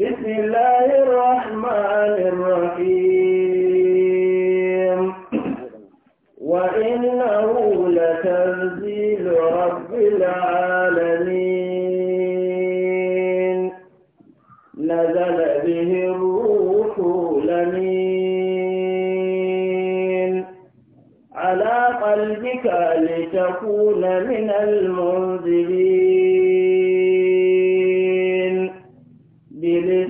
بسم الله الرحمن الرحيم وإنه لتنزيل رب العالمين نزل به الروح لمين على قلبك لتكون من المنذرين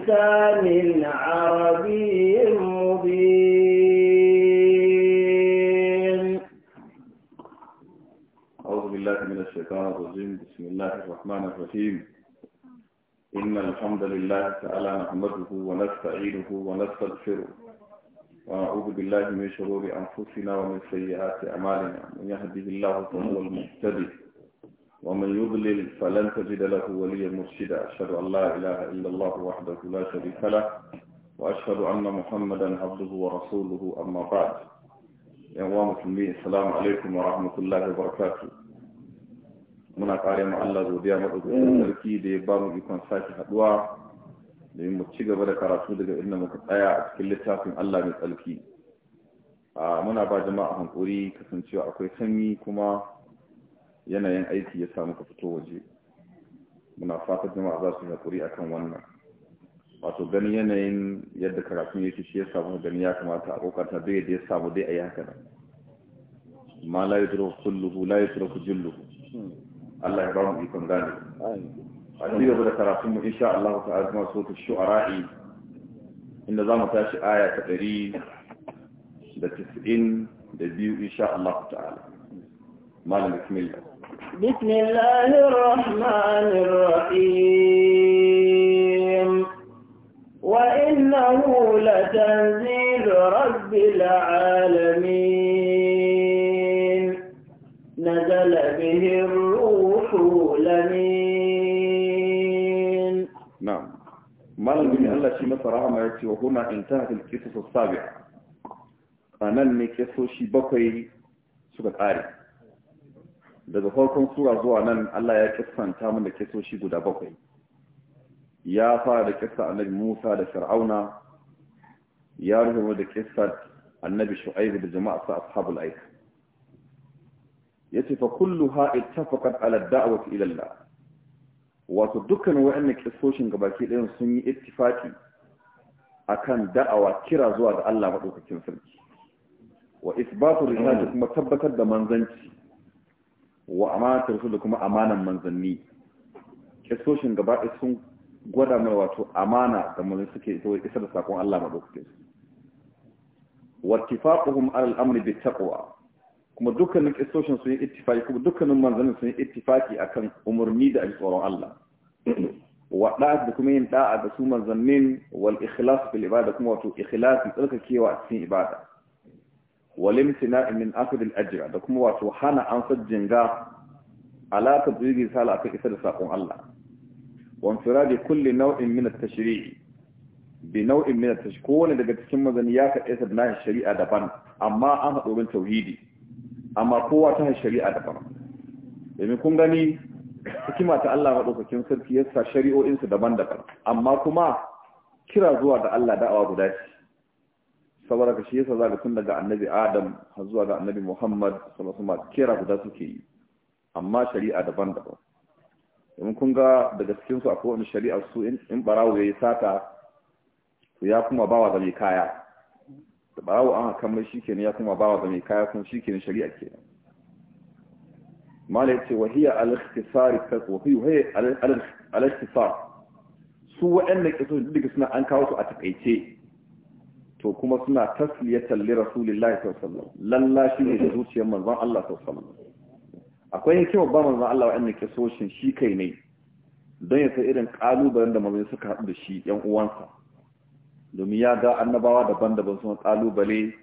بلسان عربي مبين أعوذ بالله من الشيطان الرجيم بسم الله الرحمن الرحيم إن الحمد لله تعالى نحمده ونستعينه ونستغفره ونعوذ بالله من شرور أنفسنا ومن سيئات أعمالنا من يهده الله فهو المهتدي ومن يضلل فلن تجد له وليا مرشدا أشهد أن لا إله إلا الله وحده لا شريك له وأشهد أن محمدا عبده ورسوله أما بعد يا مسلمين السلام عليكم ورحمة الله وبركاته muna ƙare mu Allah godiya maɗaukakin sarki da ya ba mu ikon sake haɗuwa da mu ci gaba da karatu daga inda muka tsaya a cikin littafin Allah mai tsarki. Muna ba jama'a hankuri kasancewa akwai sanyi kuma yanayin aiki ya samu ka fito waje muna fata jama'a za su a akan wannan wato ganin yanayin yadda karatun yake shi ya samu gani ya kamata a ta dai da ya samu dai a yi haka nan ma la yudraku kulluhu la yudraku julluhu Allah ya ba mu ikon gane a ci gaba da karatun mu insha Allah ta'ala kuma suratul shu'ara'i inda za mu tashi aya ta ɗari da 90 da biyu insha Allah ta'ala بسم الله بسم الله الرحمن الرحيم وإنه لتنزيل رب العالمين نزل به الروح لمين نعم مالا بسم الله شيء مصر ما وهنا انتهت القصص السابع أنا نكسو شي بقي سوكت الآري daga farkon sura zuwa nan Allah ya kissanta mun da kisoshi guda bakwai ya fara da kissa annabi Musa da Fir'auna ya rubuta da kissa annabi Shu'aib da jama'a sa ashabul aik yace fa kulluha ittafaqat ala da'wati ila Allah wato dukkan wa'annan kisoshin gabaki ɗayan sun yi ittifaki akan da'awa kira zuwa ga Allah madaukakin sarki wa isbatu risalati kuma tabbatar da manzanci wa amanatar su da kuma amanan manzanni kisoshin gaba ɗaya sun gwada mai wato amana da manzanni suke isa da sakon Allah madaukakin su wattifaquhum ala al-amri bittaqwa kuma dukkanin kisoshin sun yi ittifaki kuma dukkanin manzannin sun yi ittifaki akan umarni da tsoron Allah wa da'a da kuma yin da'a da su manzannin wal ikhlas fil ibada kuma wato ikhlasi tsarkakewa a cikin ibada walimtina min al ajra da kuma wato hana an sajjin ga alaka zuri sala aka isa da sakon Allah wa infiradi kulli naw'in min at-tashri'i bi naw'in min at-tashkun daga cikin mazani ya isa da na shari'a daban amma an hado bin tauhidi amma kowa ta shari'a daban domin kun gani hikima ta Allah madaukakin sarki yasa shari'o'insu daban-daban amma kuma kira zuwa ga Allah da'awa guda ce saboda ka shi yasa za ka tun daga annabi adam har zuwa ga annabi muhammad sallallahu alaihi kira guda suke yi amma shari'a daban-daban domin kun ga daga cikin su akwai wani shari'a su in barawo yayi sata to ya kuma bawa da mai kaya da barawo an hakan mai shikenan ya kuma bawa da mai kaya kun shikenan shari'a ke. mala yace wa hiya al-ikhtisar wa hiya al-ikhtisar su wa'annan kisoji duka suna an kawo su a takaice to kuma suna tasliyatan li rasulillahi sallallahu alaihi lalla shi ne da zuciyar manzon Allah sallallahu akwai yake babban manzon Allah wa annake soshin shi kai ne don ya san irin kalubalen da manzon suka haɗu da shi yan uwansa domin ya ga annabawa daban-daban sun kalubale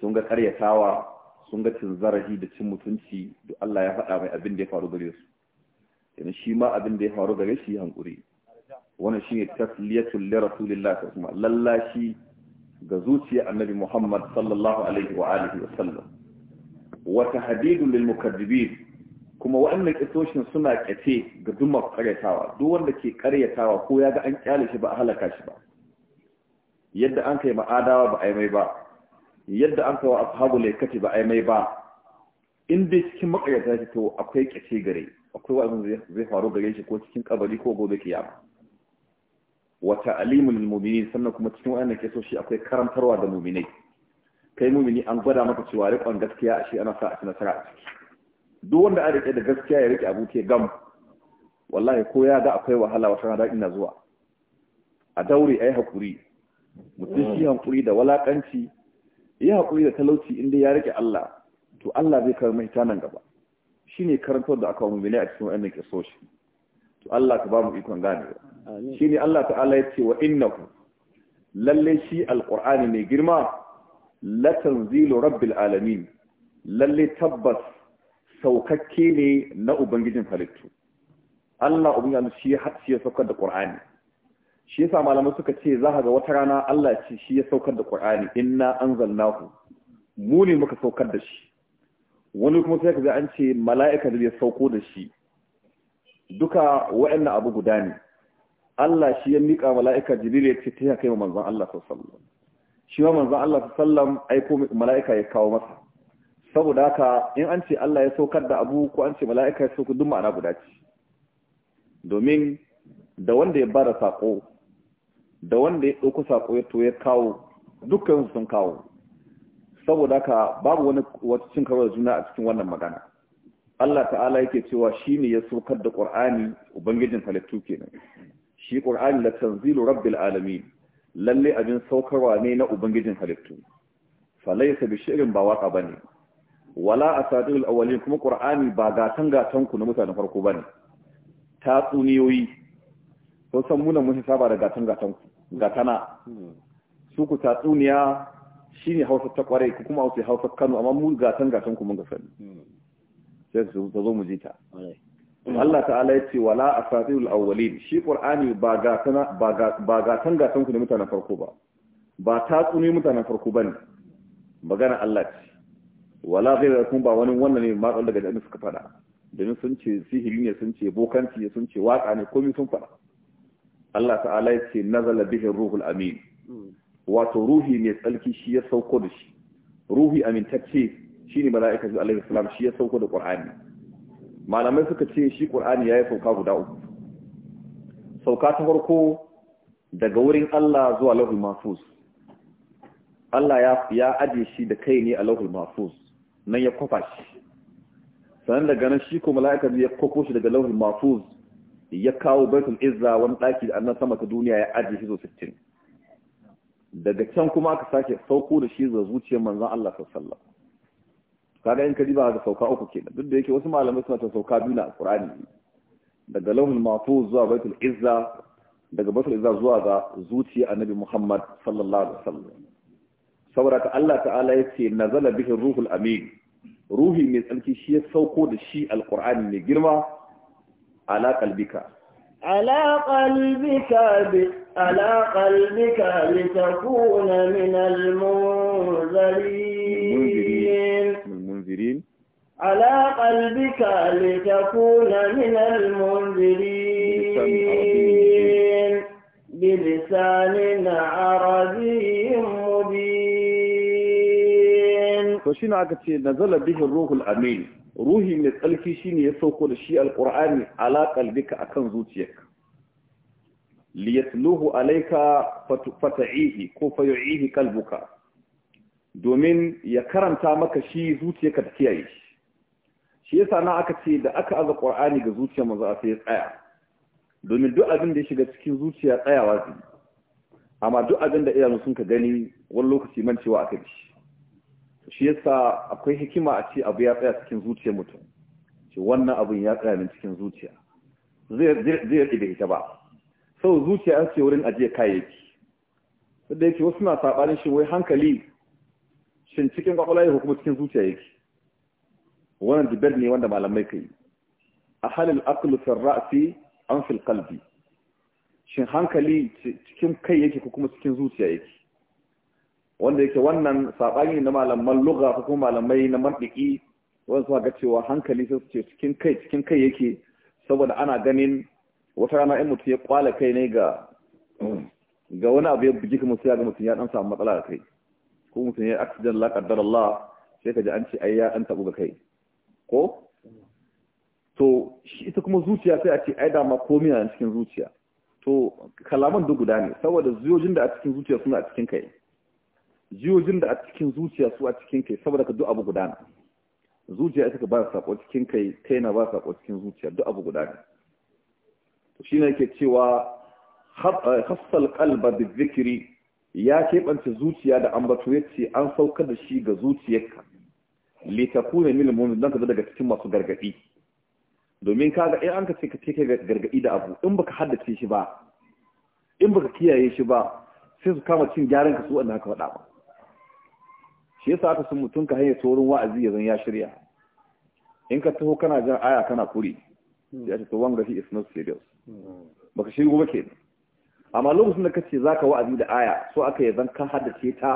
sun ga karyatawa sun ga cin zarafi da cin mutunci duk Allah ya faɗa mai abin da ya faru gare su yana shi ma abin da ya faru gare shi hankuri wannan shine tasliyatul li rasulillahi sallallahu alaihi wasallam lallashi ga zuciya annabi Muhammad sallallahu alaihi wa alihi wa sallam lil mukaddibin kuma wa'annan kisoshin suna kace ga duma karyatawa duk wanda ke karyatawa ko ya ga an kyale shi ba a halaka shi ba yadda an kai ma'adawa ba a mai ba yadda an kai wa ashabu laikati ba a mai ba in dai cikin makarata shi to akwai kace gare akwai wa'azin zai faru gare shi ko cikin kabari ko gobe kiyama wa ta'limul mu'minin sannan kuma cikin wannan ke so shi akwai karantarwa da mu'minai kai mu'mini an gwada maka cewa rikon gaskiya a shi ana sa a ci nasara a ciki duk wanda a riƙe da gaskiya ya riƙe abu ke gam wallahi ko ya ga akwai wahala wata rana ina zuwa a daure ai hakuri mutum mm. hakuri da walakanci yi hakuri da talauci inda ya riƙe Allah to Allah zai kawo mai nan gaba shine karantar da aka mu'mini a cikin wannan ke so shi Allah ka ba mu ikon gane shi ne Allah ta'ala ya ce wa innahu lalle shi alqur'ani mai girma latan tanzilu rabbil alamin lalle tabbas saukakke ne na ubangijin halittu Allah ubangiji shi shi ya saukar da ƙur'ani. shi yasa malamai suka ce za a ga wata rana Allah ce shi ya saukar da qur'ani inna ku. mu ne muka saukar da shi wani kuma sai ka ga an ce mala'ika da ya sauko da shi duka wa'annan abu guda ne Allah shi ya miƙa mala'ika jibril ya ce ta kai wa manzon Allah sallallahu shi ma manzon Allah sallallahu aiko mala'ika ya kawo masa saboda haka in an ce Allah ya saukar da abu ko an ce mala'ika ya sauka duk ma'ana guda ce domin da wanda ya bada sako da wanda ya ɗauko sako ya to ya kawo dukkan sun kawo saboda haka babu wani wata cin karo da juna a cikin wannan magana Allah ta'ala yake cewa shi ne ya saukar da ƙur'ani ubangijin halittu kenan shi ƙur'ani la tanzilu rabbil alamin lalle abin saukarwa ne na ubangijin halittu falaysa bi shi'rin ba waka bane wala asadul awwalin kuma ƙur'ani ba gatan gatan ku na mutane farko bane tatsuniyoyi ko san muna mun saba da gatan gatan ku gatana su ku tatsuniya shine Hausa ta kware ku kuma Hausa Hausa Kano amma mu gatan gatan ku mun ga sani sai ka zo mu ji ta Allah ta'ala ya ce wala asatirul awwalin shi qur'ani ba ga ba ga gatan ku ne mutanen farko ba ba ta tsuni mutanen farko bane magana Allah ce wala ghayra ba wani wannan ne ma daga da suka fada domin sun ce sihiri ne sun ce bokanci ne sun ce waka ne komai sun fada Allah ta'ala ya ce nazala bihi ruhul amin hmm. wato ruhi mai tsalki shi ya sauko da shi ruhi amintacce shine ne jibril alaihi salam shi ya sauko da qur'ani malamai suka ce shi qur'ani yi sauka guda uku sauka ta farko daga wurin Allah zuwa lahul mahfuz Allah ya ya aje shi da kai ne a lahul mahfuz nan ya kofa shi sanan daga nan shi ko mala'ika ya kwako shi daga lahul mahfuz ya kawo baitul izza wani ɗaki da annan sama ta duniya ya aje shi zo daga can kuma aka sake sauko da shi zuwa zuciyar manzon Allah sallallahu alaihi wasallam kaga in ka riba da sauka uku kenan duk da yake wasu malamai suna ta sauka biyu na alqur'ani daga lauhul mahfuz zuwa baitul izza daga baitul izza zuwa ga zuciya annabi muhammad sallallahu alaihi wasallam saboda ta Allah ta'ala ya yace nazala bihi ruhul amin ruhi mai tsarki shi ya sauko da shi alqur'ani mai girma ala qalbika ala qalbika bi ala qalbika litakuna min almunzirin المنذرين على قلبك لتكون من المنذرين بلسان عربي مبين فشين عكتي نزل به الروح الأمين روحي من الألفي شين يسوق الشيء القرآن على قلبك أكن زوتيك ليتلوه عليك فتعيه كوف فيعيه قلبك domin ya karanta maka shi zuciyarka ta kiyaye shi shi yasa na aka ce da aka aza qur'ani ga zuciyar manzo sai ya tsaya domin duk abin da ya shiga cikin zuciya tsayawa ne amma duk abin da idanu sun ka gani wani lokaci cewa aka shi shi yasa akwai hikima a ce abu ya tsaya cikin zuciyar mutum ce wannan abin ya tsaya min cikin zuciya zai zai da ita ba sau zuciya an ce wurin ajiye kayayyaki sai da yake wasu na sabanin shi wai hankali shin cikin kwakwalwa ko kuma cikin zuciya yake wannan dibar ne wanda malamai kai a halin aklu fi ra'si an fil qalbi shin hankali cikin kai yake ko kuma cikin zuciya yake wanda yake wannan sabani na malaman lugha ko kuma malamai na mardiki wanda suka ga cewa hankali sai su ce cikin kai cikin kai yake saboda ana ganin wata rana in mutum ya kwala kai ne ga ga wani abu ya bugi kuma sai ga mutum ya dan samu matsala da kai ko mutum ya accident la kaddar Allah sai ka ji an ce ayya an tabu ga kai ko to shi ita kuma zuciya sai a ce ai dama komai a cikin zuciya to kalaman duk guda ne saboda ziyojin da a cikin zuciya suna a cikin kai ziyojin da a cikin zuciya su a cikin kai saboda ka duk abu guda ne zuciya ita ka ba sako cikin kai kai na ba sako cikin zuciya duk abu guda ne to shine yake cewa khassal eh, qalba bizikri ya keɓance zuciya da ambato ya ce an saukar da shi ga zuciyarka litakuna min almu'minin dan ka zo daga cikin masu gargadi domin kaga in an ka ce ka teka gargaɗi da abu in baka haddace shi ba in baka kiyaye shi ba sai su kama cin gyaran ka su wanda haka faɗa ba shi yasa aka sun mutum ka hanyar saurin wa'azi ya zan ya shirya in ka taho kana jan aya kana kuri ya hmm. ce to wanga shi is not serious hmm. baka shirgo ba kenan amma lokacin da kace ka wa'azi da aya so aka yi zan ka haddace ta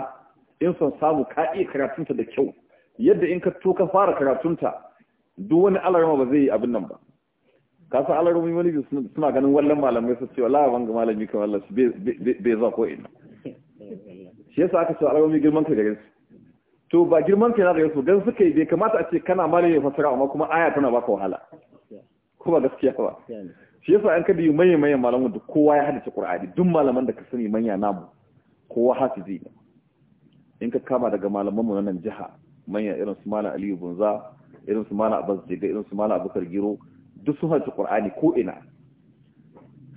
in son samu ka iya karatunta da kyau yadda in ka to ka fara karatunta duk wani alarma ba zai yi abin nan ba ka san alarmomi wani suna ganin wallan malamai su ce wallahi ban ga malami kan wallahi bai za ko ina shi yasa aka ce alarmomi girman ka gare su to ba girman ka gare su gan suka yi bai kamata a ce kana malami ya fasara amma kuma aya tana baka wahala ko ba gaskiya ba shi yasa an kada yi manyan manyan malaman da kowa ya hada qur'ani duk malaman da ka sani manya namu kowa hafizi ne in ka kama daga malaman mu na nan jiha manya irin su malam aliyu bunza irin su malam abbas jiga irin su malam abubakar giro duk sun haddace qur'ani ko ina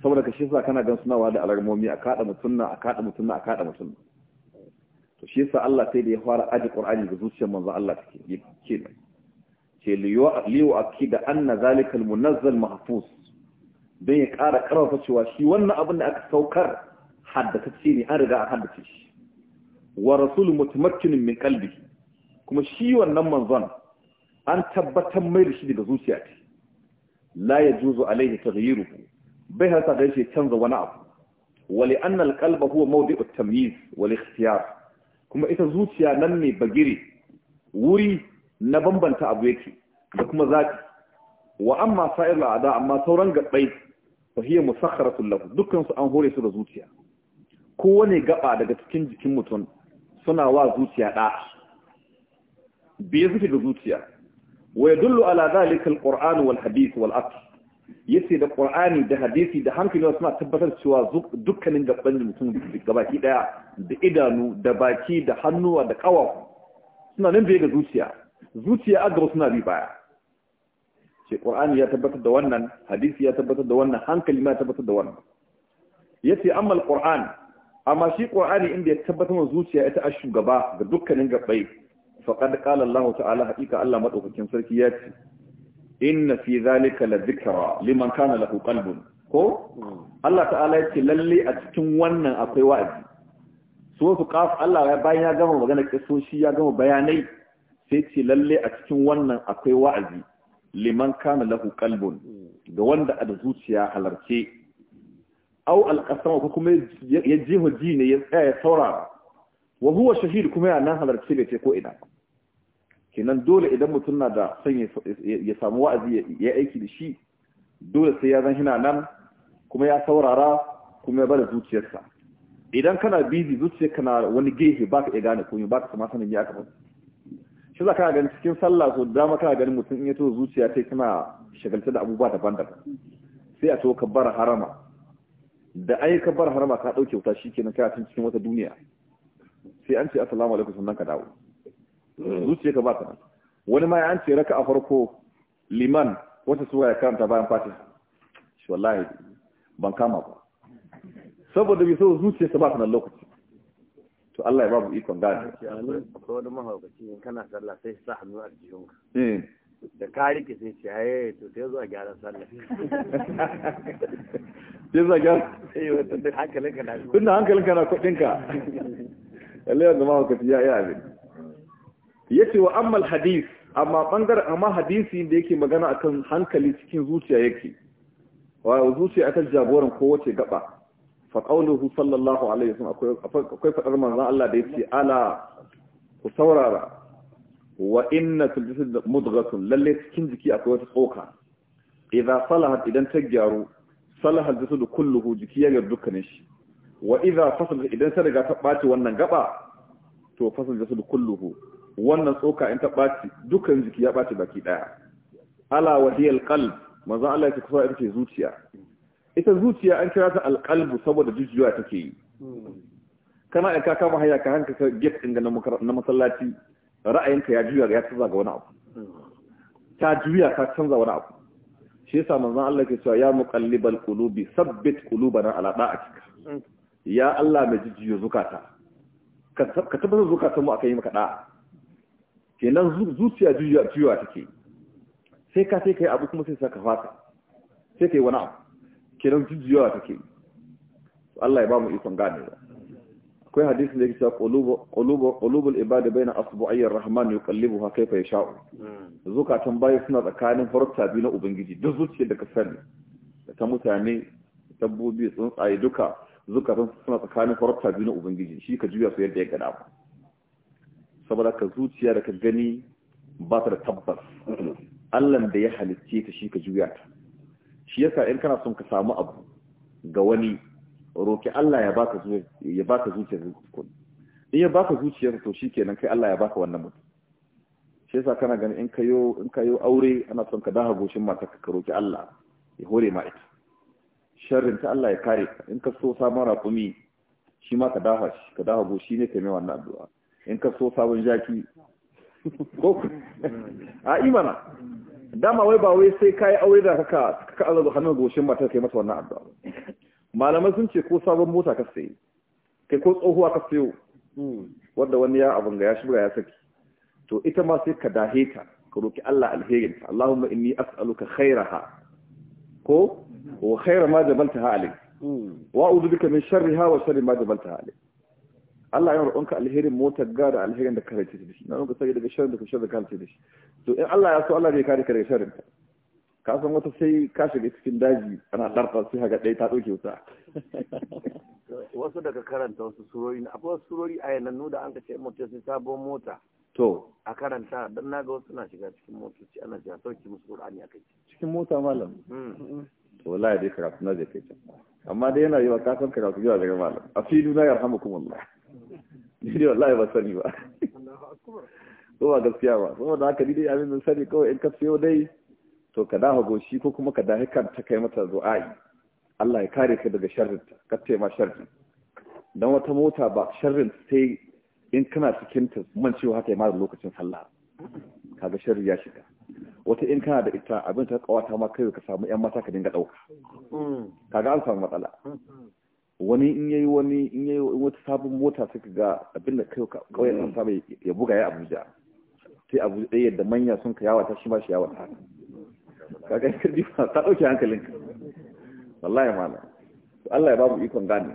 saboda ka shi yasa kana gan sunawa da alarmomi a kada mutunna a kada mutunna a kada mutunna to shi yasa Allah sai da ya fara aji qur'ani ga zuciyar manzo Allah take ke Ke liyo liyu akida anna zalika almunazzal mahfuz don ya ƙara ƙarfafa cewa shi wannan abin da aka saukar haddatacce ne an riga an haddace shi wa rasulun mutumakinin min kalbi kuma shi wannan manzon an tabbatar mai da shi daga zuciya ce la ya juzu alaihi taghyiruhu bai hasa da shi canza wani abu wali annal qalba huwa mawdi'u tamyiz wal kuma ita zuciya nan ne bagire wuri na bambanta abu yake da kuma zaki wa amma sa'il a'da amma sauran gabbai fahiyya hiya lahu dukkan su an hore su da zuciya kowane gaba daga cikin jikin mutum suna wa zuciya da biye da zuciya wa yadullu ala zalika alquran wal hadith wal aql yace da qur'ani da hadisi da hankali suna tabbatar cewa dukkanin gaban mutum gabaki daya da idanu da baki da hannuwa da kawa suna nan biye ga zuciya zuciya a gaba suna bi baya ce qur'ani ya tabbatar da wannan hadisi ya tabbatar da wannan hankali ma ya tabbatar da wannan Ya yace amma alquran amma shi qur'ani inda ya tabbatar wa zuciya ita a shugaba ga dukkanin gabbai faqad qala Allah ta'ala haƙiƙa Allah madaukakin sarki ya ce inna fi zalika la zikara liman kana lahu qalbun ko Allah ta'ala ya ce lalle a cikin wannan akwai wa'azi so su qaf Allah ya bayan ya gama magana kisoshi ya gama bayanai sai ce lalle a cikin wannan akwai wa'azi liman kana lahu qalbun ga wanda a da zuciya halarce au alqasama ko kuma ya ji hoji ne ya tsaya ya saurara wa huwa shahid kuma ya nan halarce ne ce ko ina kenan dole idan mutum na da son ya samu wa'azi ya aiki da shi dole sai ya zan hina nan kuma ya saurara kuma ya bada zuciyarsa idan kana bizi zuciyarka na wani gehe baka iya gane komai baka sama sanin ya aka faɗi shi za ka gani cikin sallah so dama kana gani mutum in ya to zuciya ta tana shagalta da abubuwa daban-daban sai a to bar harama da ai bar harama ka dauke wuta shikenan kai tun cikin wata duniya sai an ce assalamu alaikum sannan ka dawo zuciya ka ba ta wani ma an ce raka a farko liman wata suwa ya karanta bayan fatiha shi wallahi ban kama ba saboda bai so zuciya ta ba ta nan lokaci to Allah ya ba mu ikon gane Ko wani mahaukaci in kana sallah sai sa hannu a jihunka eh. da ka rike sai ce haye to sai a gyara sallah sai zuwa gyaran tun eh, hankalinka na tun da hankalinka na kuɗinka lalle wanda mahaukaci ya yi abin yace wa ammal hadith amma bangaren amma hadisi da yake magana akan hankali cikin zuciya yake wa zuciya akan jagoran kowace gaba fa qawluhu sallallahu alaihi wasallam akwai akwai fadar manzon Allah da ce ala ku saurara wa inna fil jasad mudghatun lalle cikin jiki akwai wata tsoka idan salahar idan ta gyaru salaha al jasad kulluhu jiki ya gyaru dukkanin shi wa idza fasal idan ta riga ta ɓaci wannan gaba to fasal jasad kulluhu wannan tsoka in ta ɓaci dukkan jiki ya ɓaci baki daya ala wa hiya al qalb manzon Allah ya ce kusa ita ce zuciya ita zuciya an kira ta alƙalbu saboda jujjuwa take yi kana in ka kama hanya ka hanka ka get ɗin na masallaci ra'ayinka ya juya ya canza ga wani abu ta juya ka canza wani abu shi yasa manzon Allah ke cewa ya muqallibal qulubi sabbit qulubana ala da'atik ya Allah mai jujjuyo zukata ka tabbatar zukata mu akan yi maka da'a kenan zuciya juya juya take sai ka sai kai abu kuma sai ka fata sai kai wani abu kenan jujjuyawa take Allah ya ba mu ikon gane ba akwai hadisin da yake cewa qulubu qulubu ibadi baina asbu'ayyi rahman yuqallibuha kayfa yasha'u zukatan bayi suna tsakanin farta biyu na ubangiji duk zuciyar da ka sani da ta mutane dabbobi tsuntsaye duka zukatan suna tsakanin farta biyu na ubangiji shi ka juya su yadda ya gada ba saboda ka zuciya da ka gani ba ta da tabbas Allah da ya halicce ta shi ka juya ta shi yasa in kana son ka samu abu ga wani roki Allah ya baka zuciya ya baka zuciya ku in ya baka zuciya to shikenan kai Allah ya baka wannan mutum shi yasa kana ganin in kayo in kayo aure ana son ka daha goshin mata ka roki Allah ya hore ma ita sharrin ta Allah ya kare ka in ka so samun raƙumi shi ma ka daha shi ka daha goshi ne kai mai wannan addu'a in ka so sabon jaki ko a imana dama wai ba wai sai kayi aure da kaka kaka azabu hannun goshin matar kai mata wannan addu'a malamai sun ce ko sabon mota ka sayi kai ko tsohuwa ka sayo wanda wani ya abin ga ya shiga ya saki to ita ma sai ka dahe ta ka roki Allah alherin ta Allahumma inni as'aluka khairaha ko wa khaira ma jabaltaha alayk hmm. wa a'udhu bika min sharriha wa sharri ma jabaltaha alayk Allah ya roƙonka alherin motar ga da alherin da ka da shi na nuka sai daga sharrin da ka sharrin da ka da shi to in Allah ya so Allah zai kare ka daga sharrin ka ka san wata sai ka shiga cikin daji ana ɗarfa sai haka ɗaya ta ɗauke wuta wasu daga karanta wasu surori akwai wasu surori a yanannu da an ka ce mutum sai sabon mota to a karanta don na ga wasu na shiga cikin motoci ana shiga sauki musu ƙur'ani a kai cikin mota malam hmm. to wallahi dai karatu na zai kai can amma dai yana yi wa kasan karatu zuwa daga malam a filu na yarhamukum Allah ni dai wallahi ba sani ba ko ba gaskiya ba saboda haka ni dai abin sani kawai in ka siyo dai to ka dawo goshi ko kuma ka kan ta kai mata du'a'i Allah ya kare ka daga sharrinta ka ce ma sharrin dan wata mota ba sharrin sai in kana cikin ta man cewa haka ma lokacin sallah kaga sharri ya shiga wata in kana da ita abin ta kawata ma kai ka samu yan mata ka dinga dauka mm. kaga an samu matsala mm, mm. wani in yayi wani in yayi wata sabon mota suka ga abin da kai kawai an mm. saba ya buga ya Abuja sai Abuja ɗaya yadda manya sun ka yawata shi ba shi yawata haka ka ga kirdi ba ta dauke hankalin ka wallahi mala Allah ya babu ikon gane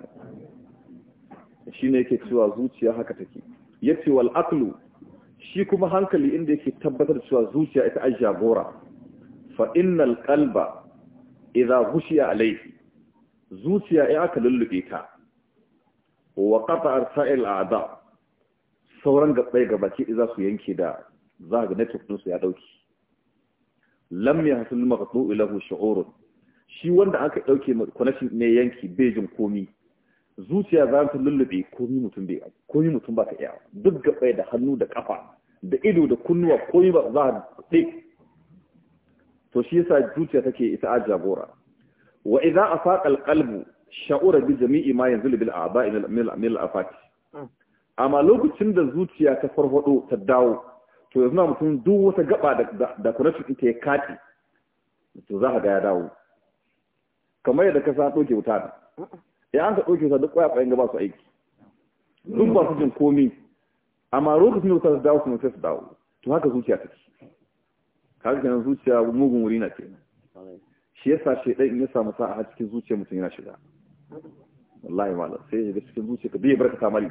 shine yake cewa zuciya haka take yace wal aqlu shi kuma hankali inda yake tabbatar cewa zuciya ita ai gora fa innal qalba idza ghushiya alayhi zuciya ya aka lullube ta wa qata arsa'il a'da sauran ga baki za su yanke da za ga network din su ya dauki lam yahsul maqtu ilahu shu'ur shi wanda aka dauke connection ne yanki bejin komi zuciya za ta lullube komi mutum bai komi mutum ba ta iya duk gaɓɓai da hannu da kafa da ido da kunnuwa komi ba za ta dik to shi yasa zuciya take ita a jagora wa idza afaqa alqalbu sha'ura bi jami'i ma yanzulu bil a'ba'i min al-afati amma lokacin da zuciya ta farfado ta dawo to yanzu mutum duk wata gaba da da connection ta ya kati to za ka ga ya dawo kamar yadda ka sa ke wuta da ya an ka doke wuta duk kwaya kwayan gaba su aiki duk ba su jin komi amma lokacin da wuta ta dawo su sai su dawo to haka zuciya take kaga kenan zuciya mugun wuri na kenan shi yasa dai in ya samu sa'a a cikin zuciyar mutum yana shiga wallahi malam sai ya ga cikin zuciyar ka bai barka ta mali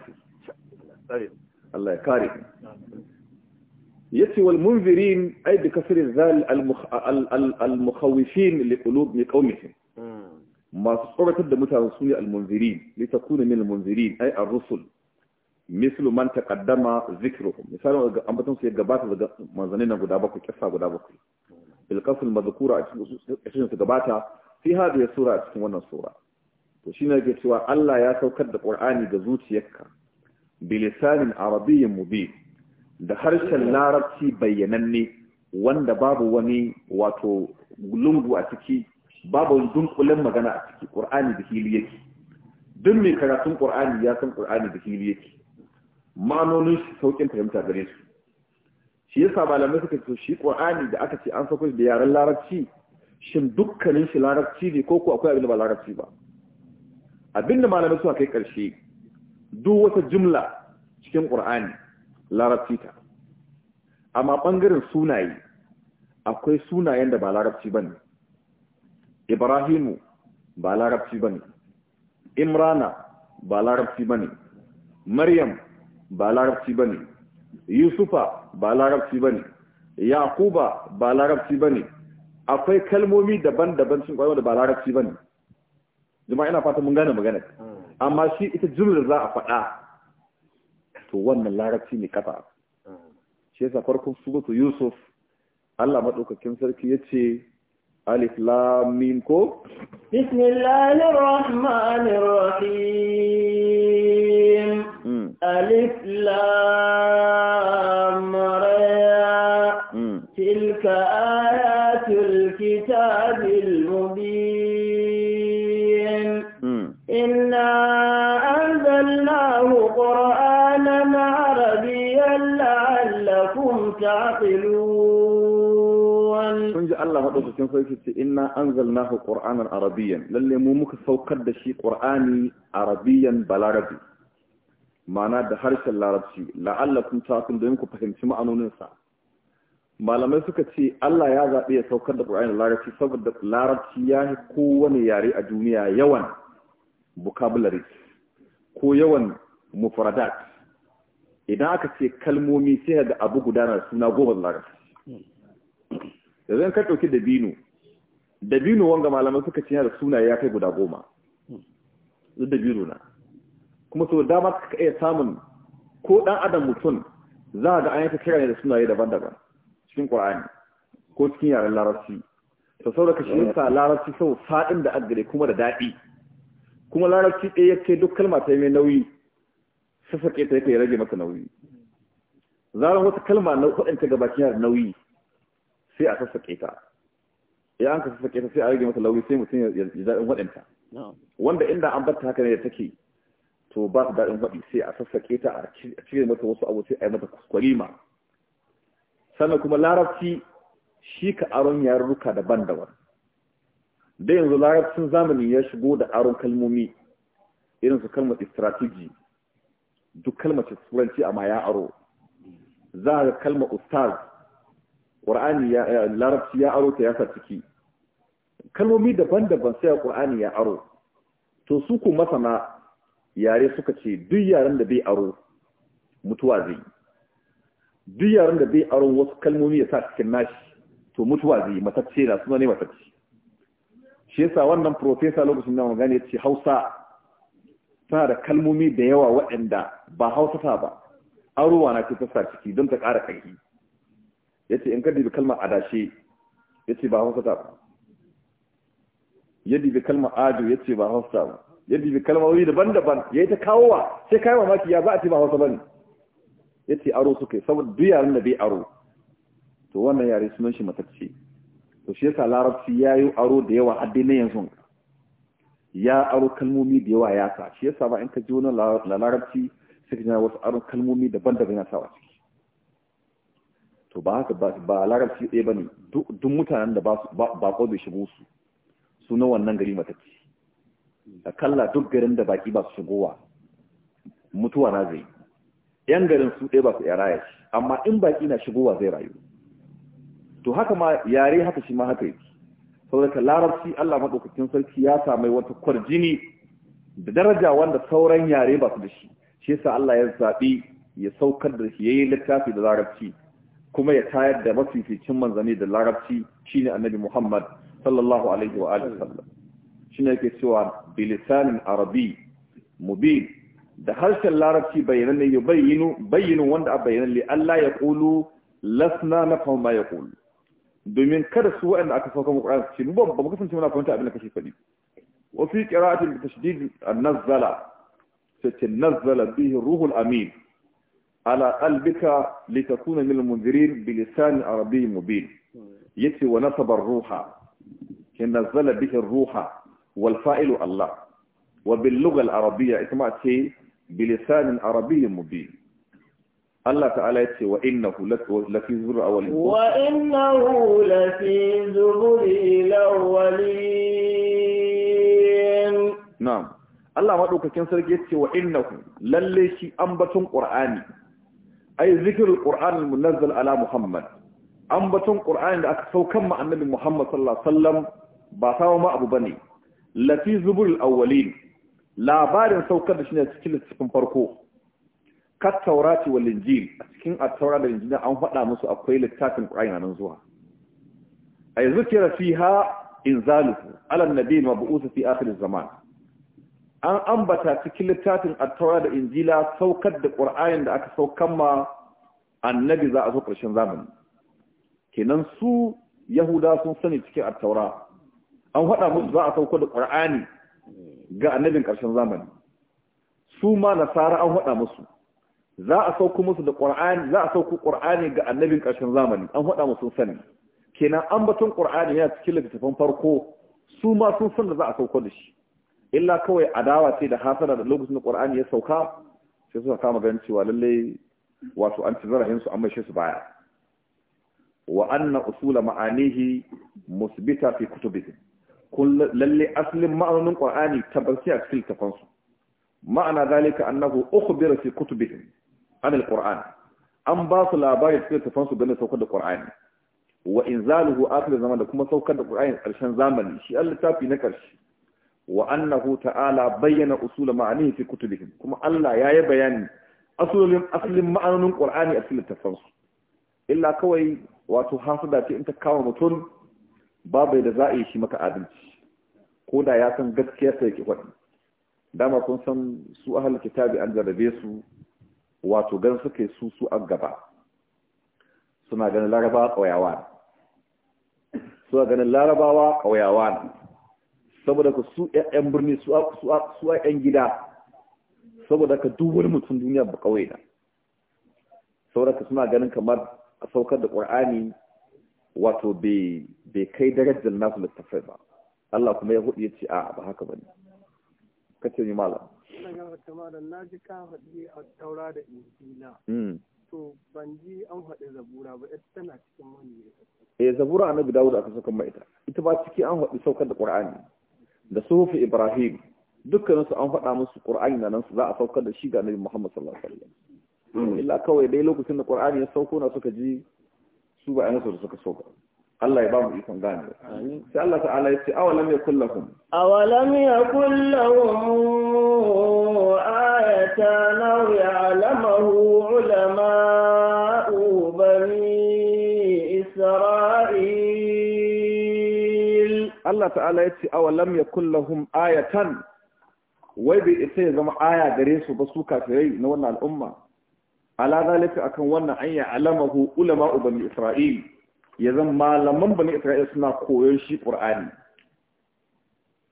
Allah ya kare yace wal munzirin ay bi kasri zal al mukhawifin li qulubi qaumihim masu tsoratar da mutane su ne munzirin li takuna min al munzirin ay ar-rusul mislu man taqaddama zikruhum misalan ambaton su ya gabata daga manzanin guda bakwai kissa guda bakwai bilkasul mazkura a cikin su gabata sai fi ya sura a cikin wannan sura to shine yake cewa Allah ya saukar da ƙur'ani ga zuciyarka bilisanin arabiyyin mubin da harshen larabci bayyananne wanda babu wani wato lungu a ciki babu wani dunkulen magana a ciki Qur'ani da hili yake duk mai karatun Qur'ani ya san ƙur'ani da hili yake ma'anonin shi saukin fahimta gare su shi yasa malamai suka ce shi qur'ani da aka ce an sako da yaren larabci shin dukkanin shi larabci ne ko ko akwai abin da ba larabci ba abin da malamai suka kai karshe duk wata jumla cikin qur'ani larabci ta amma bangaren sunaye akwai sunayen da ba larabci bane ibrahimu ba larabci bane imrana ba larabci bane maryam ba larabci bane yusufa ba larabci bane Yakuba ba larabci bane akwai kalmomi daban-daban sun kwayo da ba larabci bane jama'a ina fata mun gane magana hmm. amma shi ita jumlar za a faɗa to wannan larabci ne kafa hmm. shi yasa farkon suratu yusuf Allah madaukakin sarki yace alif lam ko bismillahir rahmanir rahim hmm. ألف لام ريا تلك آيات الكتاب المبين إنا أنزلناه قرآنا عربيا لعلكم تعقلون إن شاء الله هذا الشيء سيكون إنا أنزلناه قرآنا عربيا للي مو مكسوقت شيء قرآني عربيا بلا ربي Ma'ana da harshen larabci la'allakum takun don ku fahimci ma'anoninsa malamai suka ce Allah ya zaɓi ya saukar da Qur'ani larabci saboda larabci ya yi kowane yare a duniya yawan vocabulary ko yawan mufradat idan aka ce kalmomi sai ga abu gudanar suna goma larabci yanzu ka ɗauki dabino dabino wanga malamai suka ce yana da sunaye ya kai guda goma dabino na kuma to damar ka iya samun ko dan adam mutum za ga an yanka kira ne da sunaye daban-daban cikin Qur'ani ko cikin yaren Larabci to saboda shi yasa Larabci sau fadin da aggare kuma da dadi kuma Larabci ɗaya yake duk kalma ta mai nauyi sassake ta yake rage maka nauyi zaran wata kalma na kudin ta gabakin yaren nauyi sai a sassake ta ya an ka sassake ta sai a rage mata nauyi sai mutum ya ji daɗin waɗanta wanda inda an bar haka ne da take to ba su daɗin faɗi sai a sassaƙe ta a cire mata wasu abu sai a yi mata ma. sannan kuma larabci shi ka aron yarurruka daban-daban da yanzu larabcin zamani ya shigo da aron kalmomi irin su kalmar strategy duk kalmar turanci amma ya aro za ga kalmar ustaz ƙur'ani ya eh, larabci ya aro ta yasa ciki kalmomi daban-daban sai ƙur'ani ya aro to su ku masana yare suka ce duk yaren da bai aro mutuwa zai duk yaren da bai aro wasu kalmomi ya sa cikin nashi to mutuwa zai matacce na suna ne matacce shi yasa wannan profesa lokacin da magana ya ce hausa tana da kalmomi da yawa waɗanda ba hausa ta ba arowa na ce ta sa ciki don ta ƙara ƙarfi ya ce in ka dibi kalmar adashe ya ce ba hausa ta ba ya dibi kalmar ado ya ce ba hausa ta ba ya bibi kalmomi daban-daban ya yi ta kawowa sai kayan mamaki ya ba a ce ba hausa ne ya ce aro suka yi saboda duk yaren da bai aro to wannan yare sunan shi matacce to shi yasa larabci ya yi aro da yawa har na yanzu ya aro kalmomi da yawa ya sa shi yasa ba in ka ji wani larabci sai ka wasu aro kalmomi daban-daban ya sa wa ciki to ba haka ba larabci ɗaya ba ne duk mutanen da ba ko bai shigo su su na wannan gari matacce kalla duk garin da baki ba su shigowa mutuwa na zai yan garin su ɗaya ba su yaraya ci, amma in baki na shigowa zai rayu to haka ma yare haka shi ma haka yake saboda larabci Allah madaukakin sarki ya sami wata kwarjini da daraja wanda sauran yare ba su da shi shi yasa Allah ya zaɓi ya saukar da shi yi littafi da larabci kuma ya tayar da mafificin manzanni da larabci shine annabi Muhammad sallallahu alaihi wa alihi wasallam shi ne ke cewa bilisanin arabi mubin da harshen larabci bayanan ne ya bayyinu wanda a bayanan li Allah ya kulu lasna na ma ya kulu domin kada su waɗanda aka sauka mu ƙwarar su ce ba mu kasance muna fahimta abin da kashe faɗi Wasu ƙira'atin da tashdid nazzala sai ce nazzala bihi ruhul amin ala albika litakuna min al bilisanin arabi mubin yace wa nasabar ruha ke nazzala bihi ruha wal fa'ilu Allah wa bil lugha al arabiyya itma ce bilisanin arabiyyin mubin Allah ta'ala ya ce wa innahu lafi zuri awwalin wa innahu lafi zuri lawwalin na'am Allah madaukakin sarki ya ce wa lalle shi ambaton qur'ani ai zikrul qur'an munazzal ala muhammad ambaton qur'ani da aka saukan ma annabi muhammad ba sawa ma abu bane lafi zuburul awwalin labarin saukar da shi ne cikin littafin farko kat taurati wal injil a cikin attaura da injil an faɗa musu akwai littafin qur'ani nan zuwa ay zikira fiha inzaluhu ala an-nabi mab'uth fi akhir zaman an ambata cikin littafin attaura da injila saukar da qur'anin da aka saukan ma annabi za a zo ƙarshen zamani kenan su yahuda sun sani cikin attaura. an faɗa musu za a sauko da ƙur'ani ga annabin ƙarshen zamani su ma nasara an faɗa musu za a sauko musu da ƙur'ani za a sauko ƙur'ani ga annabin ƙarshen zamani an faɗa musu sani kenan an batun ƙur'ani yana cikin littafin farko su ma sun san da za a sauko da shi illa kawai adawa ce da hasara da lokacin da ƙur'ani ya sauka sai suka kama ganin cewa lallai wato an ci zarahin su an mai su baya wa anna usula ma'anihi musbita fi kutubihi kun lalle asalin ma'anonin qur'ani tabbaci a cikin tafansu ma'ana zalika annahu ukhbira fi kutubihim an alquran an ba su labari cikin tafansu game da saukar da qur'ani wa inzaluhu akhir zama da kuma saukar da a karshen zamani shi Allah tafi na karshe wa annahu ta'ala bayyana usul ma'anihi fi kutubihim kuma Allah ya yi bayani asulin asalin ma'anonin qur'ani a cikin tafansu illa kawai wato hasada ce in ta kawo mutum babu da za a yi shi maka adalci ko da ya san gaskiya sai ki faɗi dama kun san su ahlul kitabi an jarrabe su wato gan suke su su an gaba suna ganin larabawa ƙauyawa suna ganin larabawa kauyawa saboda ka su ƴan birni su ƴan gida saboda ka duk wani mutum duniya ba kauye da saboda ka suna ganin kamar a saukar da ƙur'ani wato bai kai darajar nasu littafai ba Allah kuma ya hudu ya ce a ba haka ba ne ka ce ni malam na ji ka haɗi a taura da injina hmm. to ban ji an haɗu zabura ba ita tana cikin wani eh zabura annabi dawud aka saka mai ita ita ba ciki an haɗu saukar da qur'ani da suhufi ibrahim dukkaninsu an faɗa musu qur'ani nan su za a saukar da shi ga annabi muhammad sallallahu alaihi wasallam hmm. illa kawai dai lokacin da qur'ani ya sauko na suka ji su ba a musu da suka soka Allah ya ba mu ikon gane sai Allah ta'ala ya ce awalam yakul lahum awalam yakul lahum ayatan aw ya'lamahu ulama'u bani isra'il Allah ta'ala ya ce awalam yakul lahum ayatan wai bai isa ya zama aya gare su ba su kafirai na wannan al'umma ala zalika akan wannan anya alama ulama bani isra'il ya zan malaman bani isra'il suna koyon shi qur'ani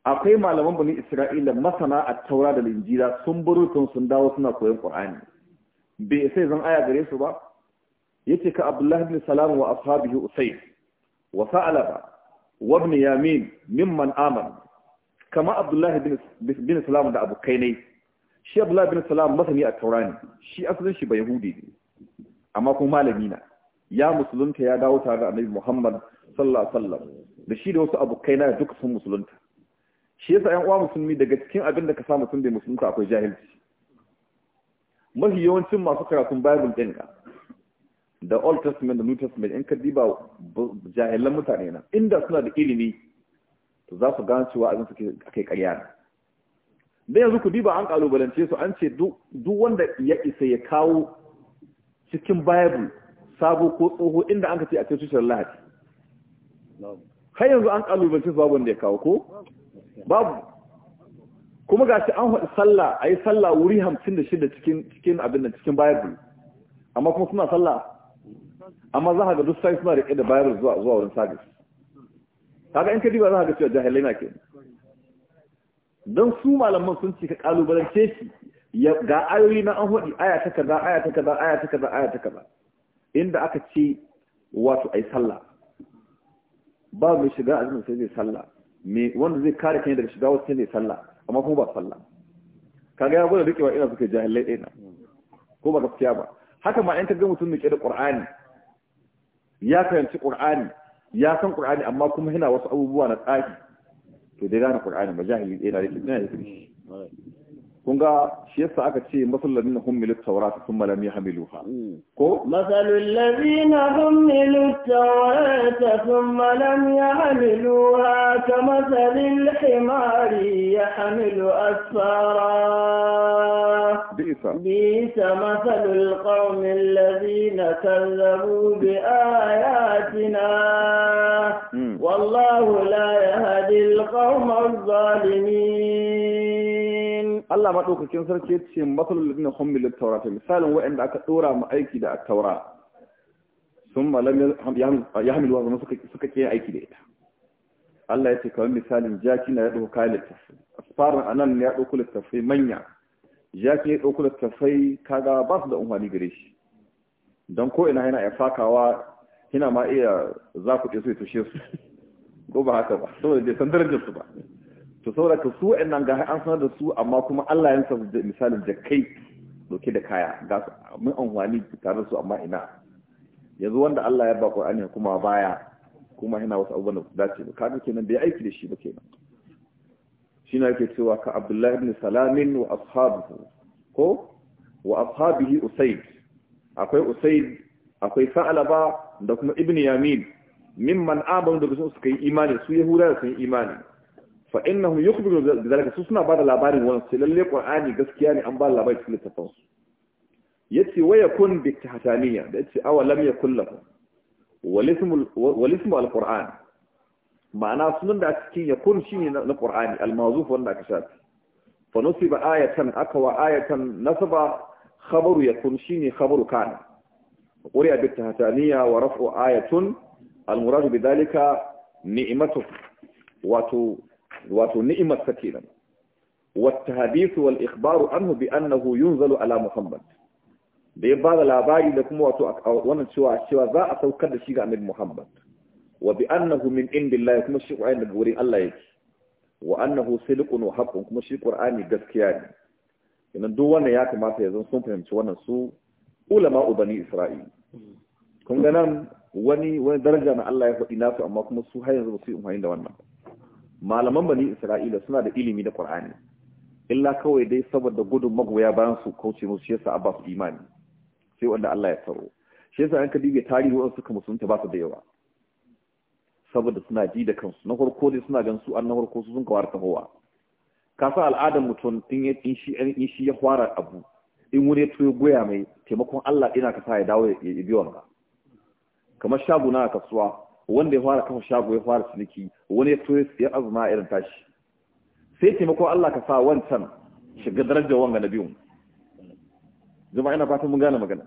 akwai malaman bani isra'ila masana a taura da linjira sun burutun sun dawo suna koyon qur'ani bai sai zan aya gare su ba yace ka abdullahi bin salam wa ashabihi usayf wa sa'alaba wa ibn yamin mimman aman" kama abdullahi bin salam da abukai ne shi abdullahi bin salam masani a taurani shi asalin shi ba yahudi ne amma kuma malami na ya musulunta ya dawo tare da annabi muhammad sallallahu alaihi da shi da wasu abokai na duka sun musulunta shi yasa ɗan uwa musulmi daga cikin abin da ka sa mutum bai musulunta akwai jahilci mafi yawancin masu karatun bible din ka da old testament da new testament in ka diba jahilan mutane na inda suna da ilimi to za su gane cewa abin suke kai ƙarya da yanzu ku diba an kalubalance su an ce duk wanda ya isa ya kawo cikin bible sabo ko tsoho inda an ka ce a cikin tushen lahadi har yanzu an kalubalance su babu wanda ya kawo ko babu kuma gashi an haɗu sallah a yi sallah wuri hamsin da shida cikin abin da cikin bible amma kuma suna sallah amma za ka ga duk sai suna riƙe da bible zuwa wurin sabis kaga in ka diba za ka ga cewa jahilai na kenan don su malaman sun ce ka kalubalance shi ga ayoyi na an hudi aya ta kaza aya ta kaza aya ta kaza aya ta kaza inda aka ce wato ai sallah ba mai shiga azumin sai zai sallah me wanda zai kare kai daga shiga wasu sai sallah amma kuma ba sallah kaga ya gwada rikewa ina suka jahilai ɗaya ko ba gaskiya ba haka ma in ka ga mutum da da qur'ani ya karanci qur'ani ya san qur'ani amma kuma yana wasu abubuwa na tsafi إذا كان كل عالم مجاهل إلى الاثنين kun ga shi yasa aka ce masallan na hummilu tawrat sun malam ya hamiluha ha ko masallan lalina hummilu tawrat sun malam ya hamiluha kama salil himari ya hamilu asfara bisa bisa masallul qaumin lalina kallabu bi ayatina wallahu la yahdi alqawma adh-dhalimin Allah maɗaukakin sarki ya ce matsalolin ladina taura, taurata misalin waɗanda aka ɗora mu aiki da taura sun malam ya hamilu zama suka ke aiki da ita Allah ya ce kawai misalin jaki na ya ɗauka kayan littafi asfarin anan ya ɗauka littafi manya jaki ya ɗauka littafi kaga ba su da umarni gare shi don ko ina yana ya fakawa yana ma iya za ku ɗe su ya tushe su ko ba haka ba saboda bai san darajar su ba to sauraka su wa'annan ga an sanar da su amma kuma Allah ya sa misalin da kai doke da kaya ga mun anhwani tare da su amma ina yanzu wanda Allah ya ba Qur'ani kuma baya kuma yana wasu abubuwan da su dace ba kaga kenan bai aiki da shi ba kenan shi na yake cewa ka Abdullahi ibn Salamin wa ashabuhu ko wa ashabihi Usayd akwai Usayd akwai Sa'alaba da kuma Ibn Yamin mimman abun da su suka yi imani su Yahudawa sun yi imani fa innahum yukhbiru bidhalika su suna bada labarin wannan sai lalle qur'ani gaskiya ne an ba labarin cikin littafin su yace wa yakun bi tahtaniya da yace aw lam yakul lahu wal ismu wal qur'an ma'ana sunan da cikin yakun shine na qur'ani al mawzuf wanda aka shafi fa nusiba ayatan aka wa ayatan nasaba khabaru yakun shine khabaru kana quriya bi tahtaniya wa raf'u ayatun al murad bidhalika ni'matu wato wato ni'imar ta kenan Wata hadisu والتحديث والإخبار عنه Annahu yunzalu ala Muhammad. da ya bada labari da kuma wato wannan cewa cewa za a saukar da shi ga Annabi Muhammad wa bi annahu min indillahi kuma shi Qur'ani daga wurin Allah yake wa annahu sidqun wa haqqun kuma shi Qur'ani gaskiya ne idan duk wannan ya kamata ya zan sun fahimci wannan su ulama ubani Isra'il kun ga nan wani wani daraja na Allah ya faɗi nasu amma kuma su har yanzu ba su yi umarni da wannan ba malaman bani isra'ila suna da ilimi da qur'ani illa kawai dai saboda gudun magoya bayan su kauce musu yasa abba su imani sai wanda Allah ya tsaro shi yasa an ka dibe tarihi wasu suka musulunta ba su da yawa saboda suna ji da kansu na farko dai suna gan su an na farko su sun kawar tahowa ka sa al'adar mutum in shi ya fara abu in wani ya tuyo goya mai taimakon Allah ina ka sa ya dawo ya biyo ka kamar shaguna a kasuwa wanda ya fara kafa shago ya fara ciniki wani ya tura ya azuma irin tashi sai taimako Allah ka sa wancan shiga darajar wanga na biyun jama'a ina fatan mun gane magana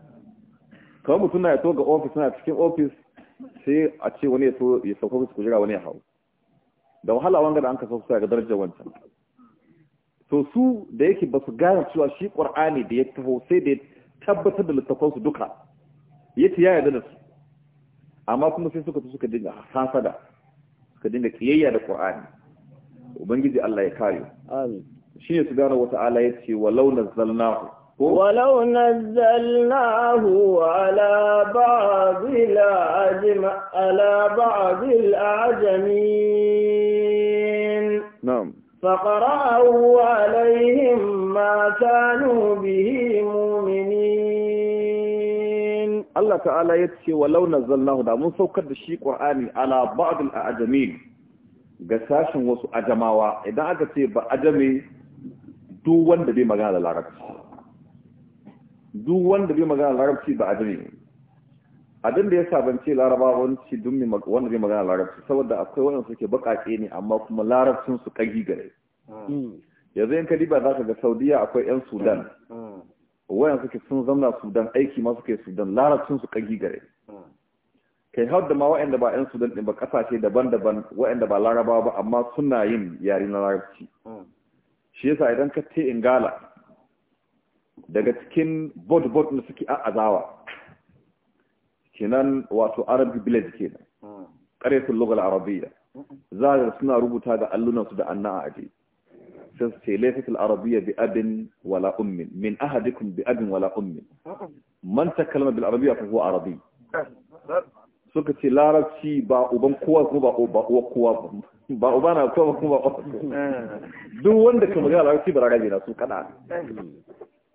kawai mutum na ya to ga ofis na cikin ofis sai a ce wani ya so ya sauko su kujira wani ya hau da wahala wanga da an ka sauko ga darajar wancan to su da yake ba su gane cewa shi qur'ani da ya taho sai da tabbatar da littafansu duka yace ya yarda da su amma kuma sai suka suka dinga hasada suka dinga kiyayya da Qur'ani ubangiji Allah ya kare amin shine subhanahu wata'ala yace walau nazzalnahu ولو نزلناه على بعض الأعجم على بعض الأعجمين نعم فقرأوا عليهم ما كانوا به مؤمنين Allah ta'ala ya ce launar nazzalnahu da mun saukar da shi Qur'ani ala ba'adun a ajami ga sashin wasu ajamawa idan aka ce ba ajame duk wanda bai magana da larabci duk wanda bai magana da larabci ba ajame abin da ya sabance laraba wani dun wanda bai magana da larabci saboda akwai wani suke bakake ne amma kuma larabcin su kagi hmm. gare yanzu in ka diba za ka ga Saudiya akwai yan Sudan hmm. wayan suke sun zamna sudan aiki ma suke sudan larabcin su kagi gare hmm. kai har da ma wayanda ba yan sudan din ba kasashe daban-daban wayanda ba larabawa ba amma suna yin yare na larabci hmm. shi yasa idan ka te gala. daga cikin bot bot na suke a'azawa kenan wato arabic village kenan qaryatul hmm. lugha al-arabiyya za suna rubuta ga allunansu da anna'a aje sai su ce laifin al'arabiya bi abin wala ummin min ahadikum bi abin wala ummin man ta kalma bil arabiya fa huwa arabi suka ce larabci ba uban kowa kuma ba uwa kowa ba uba na kowa kuma ba duk wanda ka magana larabci ba ragaje na su kana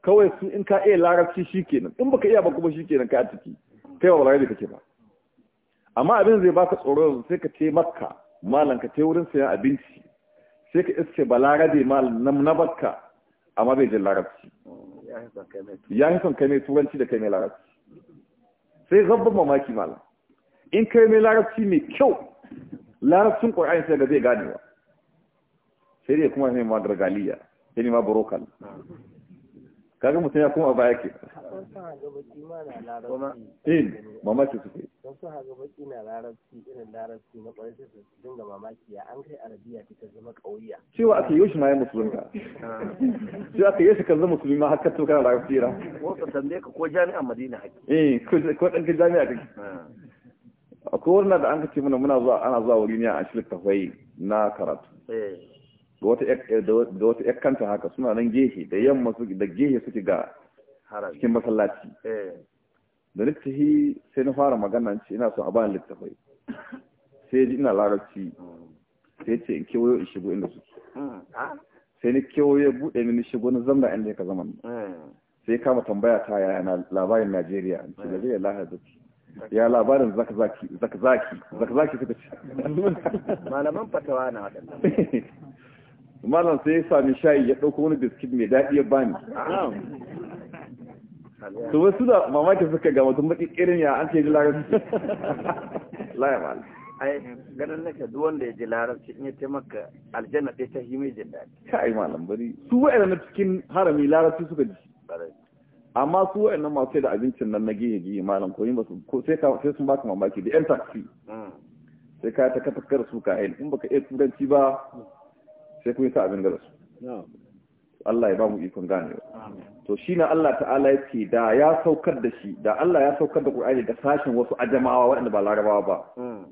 kawai su in ka iya larabci shikenan in baka iya ba kuma shikenan ka a ciki kai ba ragaje kake ba amma abin zai baka tsoro sai ka ce makka malam ka ce wurin sayan abinci sai ka iske balarabe ma na bakka amma bai jin larabci ya fi son kai mai turanci da kai mai larabci sai zabban mamaki mala in kai larabci mai kyau larabcin ƙwararren sai da zai ganewa sai dai kuma sai ma dargaliya sai ma burokal kaga mutum ya kuma baya ke in mamaki suke don su haga baki na larabci irin larabci na kwarai sai su dinga mamaki ya an kai arabiya ta zama kauya cewa aka yi shi ma ya musulunta ah. cewa aka yi shi kan zama musulmi ma har kan tokar larabci ra wasu tambaye ka ko jami'an madina haki eh ko dan ka jami'a ka ah. akwai wannan da an kace mana muna zuwa ana zuwa wuri ne a ashirin tafai na karatu eh. da wata yakkanta eh, haka suna nan gehe da yamma da gehe suke ga cikin masallaci eh. da littafi sai na fara magana ce ina son a bani littafai sai ji ina larabci sai ce in kewayo in shigo inda suke hmm, sai ni kewayo buɗe mini shigo na zamba inda ya ka zaman eh. sai kama tambaya ta yaya na labarin Najeriya ce zai lahar da ce ya labarin zakzaki zakzaki hmm. zakzaki suka ce malaman fatawa na waɗanda malam sai ya sami shayi ya ɗauko wani biskit mai daɗi ya bani to wasu da mamaki suka ga mutum baki irin ya an ce ji larabci laya mal ai ganin naka duk wanda ya ji larabci in ya taimaka aljanna ɗaya ta yi jin daɗi kai malam bari su wa'ina na cikin harami larabci suka ji amma su wa'ina masu da abincin nan na gini gihe malam ko yin basu ko sai ka sun baka mamaki da yan taksi mm. sai ka ta kar su ka in baka iya turanci ba sai kun yi ta abin da rasu Allah ya ba mu ikon ba. to shi na Allah ta'ala ya ce da ya saukar da shi da Allah ya saukar da ƙur'ani da sashen wasu ajamawa waɗanda ba larabawa ba mm.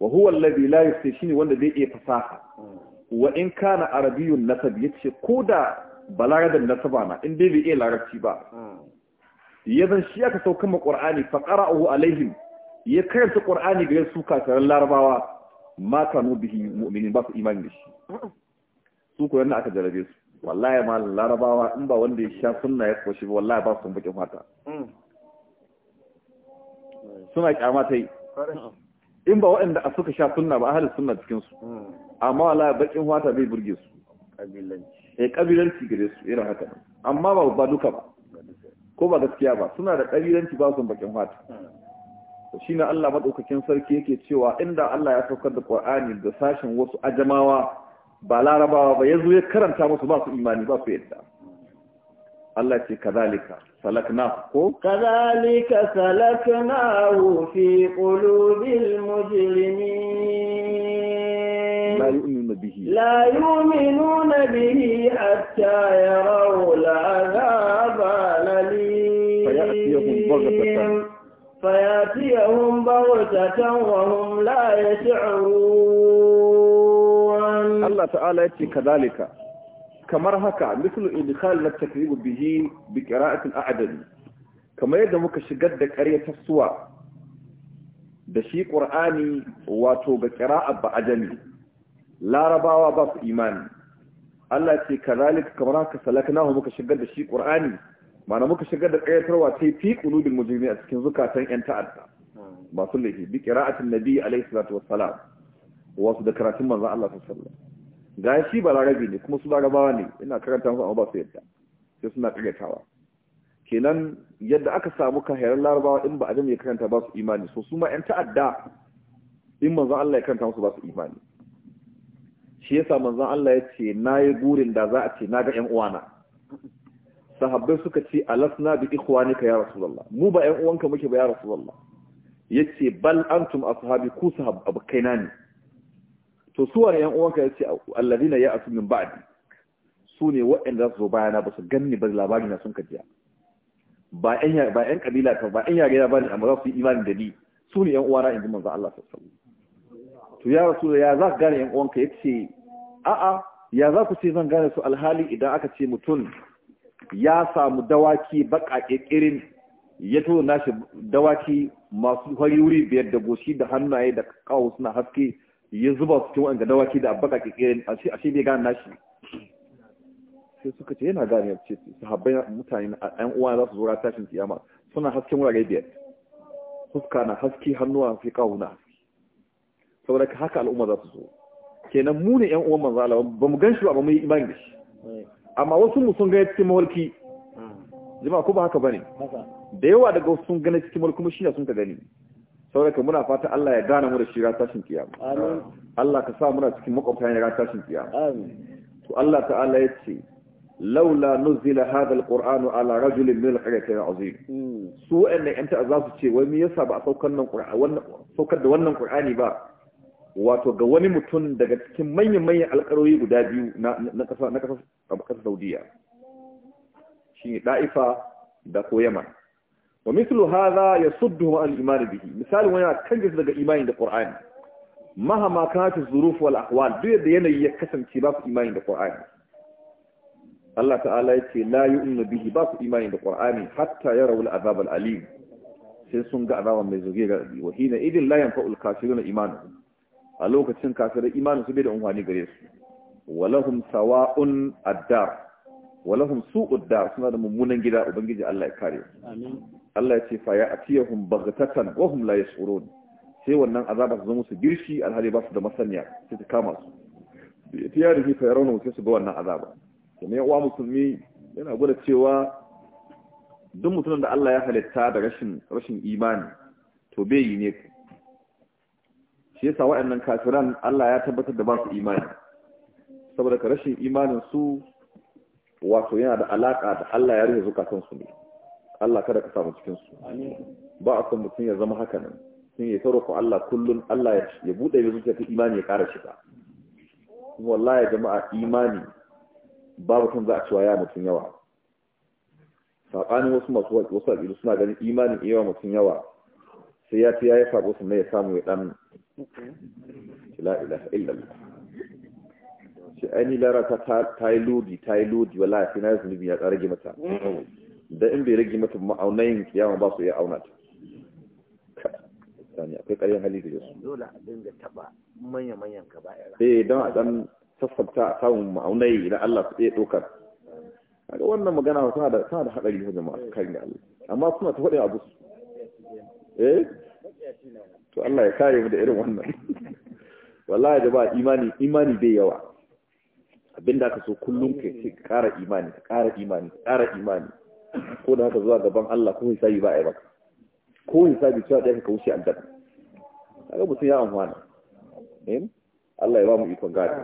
wa huwa alladhi la shi ne wanda zai iya fasaha mm. wa in kana arabiyyun nasab ce ko da balaradan nasaba na in dai bai iya larabci ba mm. Ya zan shi aka saukar ma ƙur'ani fa qara'u alaihim ya karanta ƙur'ani ga su kasaran larabawa ma kanu bihi mu'minin ba su imani da shi su koyon yanda aka jarabe su wallahi ma larabawa in ba wanda ya sha sunna ya kwashi ba wallahi ba su bakin fata mm. suna kyama ta yi in ba waɗanda suka sha sunna ba ahalin sunna cikin su mm. amma wallahi bakin fata bai burge su eh kabilanci gare su irin haka amma ba ba duka ba ko ba gaskiya ba suna da kabilanci ba su bakin fata mm. shine Allah madaukakin sarki yake cewa inda Allah ya saukar da Qur'ani da sashin wasu ajamawa ba larabawa ba yanzu ya karanta musu ba su imani ba su yadda Allah ce kazalika salakna ko kazalika salaknahu fi qulubil mujrimin la yu'minuna bihi hatta yarawu al'azaba lali fayatiyahum baghtatan wa hum la yash'urun Allah ta'ala yace kadalika kamar haka mislu idkhal at-takzib bihi bi qira'ati al-a'dali kamar yadda muka shigar da ƙaryatar suwa da shi qur'ani wato ga qira'a ba ajami larabawa ba su imani Allah ce kadalika kamar haka salaknahu muka shigar da shi qur'ani mana muka shigar da ƙayyatarwa ta fi ƙulubin mujrimi a cikin zukatan 'yan ta'adda masu laifi bi ƙira'atin nabi alaihi salatu wassalam wasu da karatun manzan Allah sallallahu ga shi larabi ne kuma su larabawa ne ina karanta musu amma ba su yadda sai suna karyatawa kenan yadda aka samu ka kahirar larabawa in ba adam ya karanta ba su imani so su ma yan ta'adda in manzon Allah ya karanta musu ba su imani shi yasa manzon Allah ya ce na yi burin da za a ce na ga yan uwana sahabbai suka ce alasna bi ikhwanika ya rasulullah mu ba yan uwanka muke ba ya rasulullah yace bal antum ashabi ku sahab abukaina ne to su wani yan uwanka yace alladina ya'tu min ba'di su ne waɗanda za su zo bayana ba su ganni ba labari na sun kajiya ba yan ba yan kabila ta ba yan yare na bani amma za su yi imani da ni su ne yan uwara in manzo Allah sallallahu alaihi wasallam to ya rasul ya za ka gane yan uwanka yace a'a ya za ku ce zan gane su alhali idan aka ce mutum ya samu dawaki baƙaƙe ƙirin ya to nashi dawaki masu wuri biyar da goshi da hannaye da kawo suna haske ya zuba cikin wanda dawaki da abbaka kikirin a shi bai gane nashi sai suka ce yana gane ce sahabbai mutane a ɗan uwa za su zo tashin kiyama suna hasken wurare biyar fuska na haske hannuwa sai kawo na haske saboda ka haka al'umma za su zo kenan mu ne 'yan uwan manzala ba mu gan shi ba mu yi imani da shi amma wasu mu sun ga cikin mawalki hmm. jama'a ko ba haka bane da yawa daga wasu sun gane cikin mawalki kuma shi ne sun ka gani sauraka muna fata Allah ya gane mu da shi ran tashin kiyama Allah ka sa muna cikin makwabta ne ran tashin kiyama amin to Allah ta'ala ya ce laula nuzila hadha alqur'anu ala rajulin min alqaryati azim hmm. su wa'annan yan za zasu ce wai me yasa ba a saukar saukar da wannan qur'ani ba wato ga wani mutum daga cikin manyan manyan alƙarori guda biyu na kasar na kasa Saudiya shi da'ifa da ko wa mislu hadha yasudduhu an iman bihi misalin wani kan gaza daga imani da qur'ani mahama kanatu zuruf wal ahwal duk da yanayi ya kasance ba ku imani da qur'ani Allah ta'ala yace la yu'minu bihi ba ku imani da qur'ani hatta yarawul azab al alim sai sun ga azaban mai zoge ga wa hina idin la yanfa'ul kafiruna imanu. a lokacin kafirai imanu su bai da unhwani gare su walahum sawa'un addar walahum su'ud dar suna da mummunan gida ubangiji Allah ya kare amin Allah ya ce fa ya atiyahum baghtatan wa hum la yashurun sai wannan azaba su zo musu girshi alhali ba su da masaniya sai ta kama su ita ya rufe fa rauna sai su ga wannan azaba kuma ya uwa musulmi yana gwada cewa duk mutumin da Allah ya halitta da rashin rashin imani to bai yi ne shi yasa wa'annan kafiran Allah ya tabbatar da ba su imani saboda ka rashin imanin su wato yana da alaka da Allah ya rufe zukatansu ne Allah kada ka samu cikin su ba a san mutum ya zama haka nan sun yi sarrafa Allah kullum Allah ya bude ya zuciya ta imani ya ƙara shiga kuma wallahi jama'a imani babu kan za a cewa ya mutum yawa Saƙanin wasu masu wasu al'adu suna ganin imanin iya mutum yawa sai ya fi ya yi faɓo sannan ya samu ya ɗan la ilaha illallah shi ainihin lara ta yi lodi ta yi lodi wallahi sai na yi zunubi ya tsara mata da in bai rage mata ma'aunayin kiyama ba su iya auna ta sani akwai ƙaryar hali da yasu dole a dinga taba manya-manyan ka ba eh don a dan sassabta a samun ma'aunayi idan Allah su ɗaya ɗaukar kaga wannan magana suna da suna da haɗari ko jama'a karin da Allah amma suna ta faɗi abu eh to Allah ya kare mu da irin wannan wallahi da ba imani imani bai yawa abinda aka so kullum ka ce ƙara imani ƙara imani ƙara imani ko da haka zuwa gaban Allah ko hisabi ba ai yi maka ko hisabi cewa ɗaya ka wuce aljanna kaga mutum ya amfana eh Allah ya ba mu ikon gadi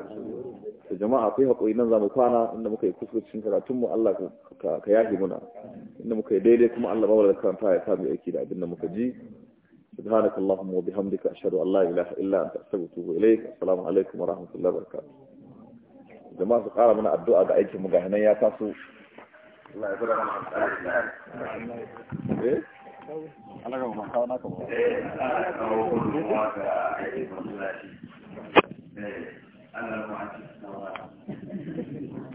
to jama'a akwai hakuri nan zamu kwana inda muka yi kusurcin karatun mu Allah ka ka yahi muna inda muka yi daidai kuma Allah ba mu da karanta ya samu aiki da abin da muka ji سبحانك اللهم وبحمدك أشهد أن لا إله إلا أنت أستغفرك إليك السلام عليكم ورحمة الله وبركاته jama'a su kara mana addu'a ga aikin mu ga ya taso Allah ya fara mana ga